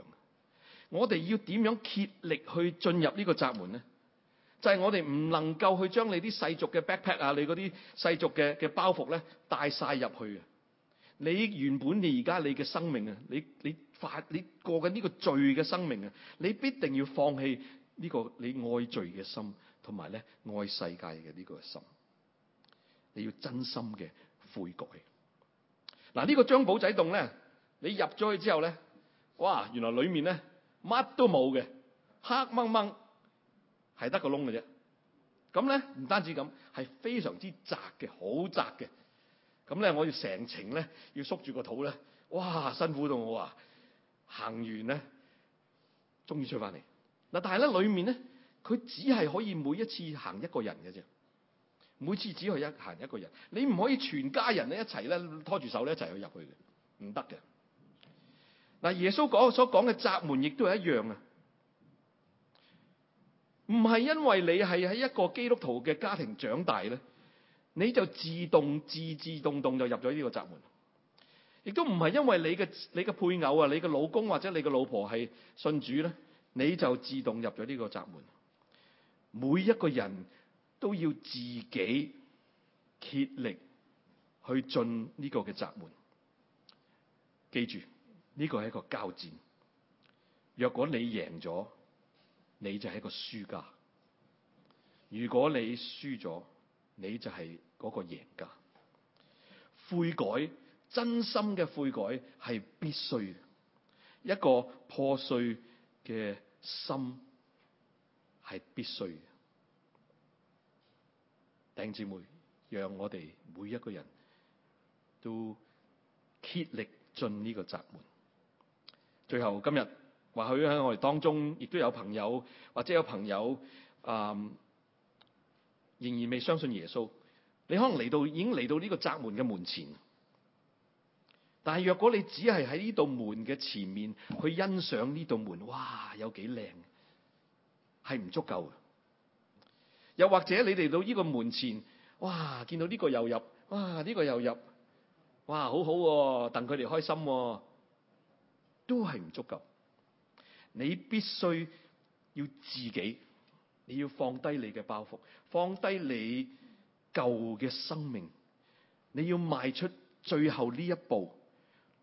我哋要點樣竭力去進入個呢個窄門咧？就係、是、我哋唔能夠去將你啲世俗嘅 backpack 啊，你嗰啲世俗嘅嘅包袱咧，帶晒入去嘅。你原本你而家你嘅生命啊，你你發你過緊呢個罪嘅生命啊，你必定要放棄呢個你愛罪嘅心，同埋咧愛世界嘅呢個心，你要真心嘅悔改。嗱，呢個張寶仔洞咧，你入咗去之後咧，哇，原來裏面咧乜都冇嘅，黑掹掹，係得個窿嘅啫。咁咧唔單止咁，係非常之窄嘅，好窄嘅。咁咧，我要成程咧，要縮住個肚咧，哇，辛苦到我啊！行完咧，終於出翻嚟。嗱，但係咧，裏面咧，佢只係可以每一次行一個人嘅啫，每次只可以一行一個人，你唔可以全家人咧一齊咧拖住手咧一齊去入去嘅，唔得嘅。嗱，耶穌講所講嘅窄門亦都係一樣啊，唔係因為你係喺一個基督徒嘅家庭長大咧。.你就自動自自動動就入咗呢個閘門，亦都唔係因為你嘅你嘅配偶啊，你嘅老公或者你嘅老婆係信主咧，你就自動入咗呢個閘門。每一個人都要自己竭力去進呢個嘅閘門。記住呢個係一個交戰，若果你贏咗，你就係一個輸家；如果你輸咗，你就係。嗰、那個贏家悔改，真心嘅悔改係必須嘅。一個破碎嘅心係必須嘅。弟兄姊妹，讓我哋每一個人都竭力進呢個窄門。最後今日，或許喺我哋當中亦都有朋友，或者有朋友啊、嗯，仍然未相信耶穌。你可能嚟到已經嚟到呢個窄門嘅門前，但係若果你只係喺呢道門嘅前面去欣賞呢道門，哇，有幾靚，係唔足夠嘅。又或者你嚟到呢個門前，哇，見到呢個又入，哇，呢個又入，哇，好好、啊，戥佢哋開心、啊，都係唔足夠。你必須要自己，你要放低你嘅包袱，放低你舊嘅生命，你要邁出最後呢一步，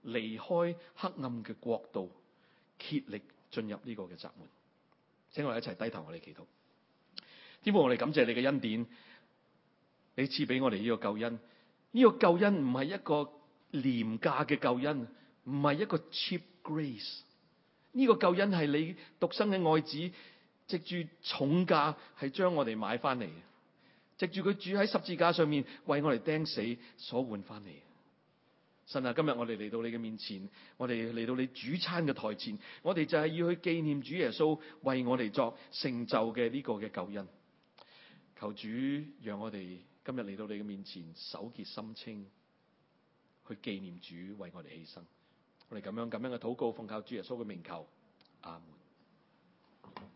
離開黑暗嘅國度，竭力進入呢個嘅閘門。請我哋一齊低頭，我哋祈禱。天父，我哋感謝你嘅恩典，你賜俾我哋呢個救恩。呢個救恩唔係一個廉價嘅救恩，唔係一個 cheap grace。呢個救恩係你獨生嘅愛子，藉住重價係將我哋買翻嚟嘅。藉住佢住喺十字架上面為我哋釘死所換翻嚟。神啊，今日我哋嚟到你嘅面前，我哋嚟到你主餐嘅台前，我哋就係要去紀念主耶穌為我哋作成就嘅呢個嘅救恩。求主讓我哋今日嚟到你嘅面前，手潔心清，去紀念主為我哋犧牲。我哋咁樣咁樣嘅禱告，奉靠主耶穌嘅名求，阿門。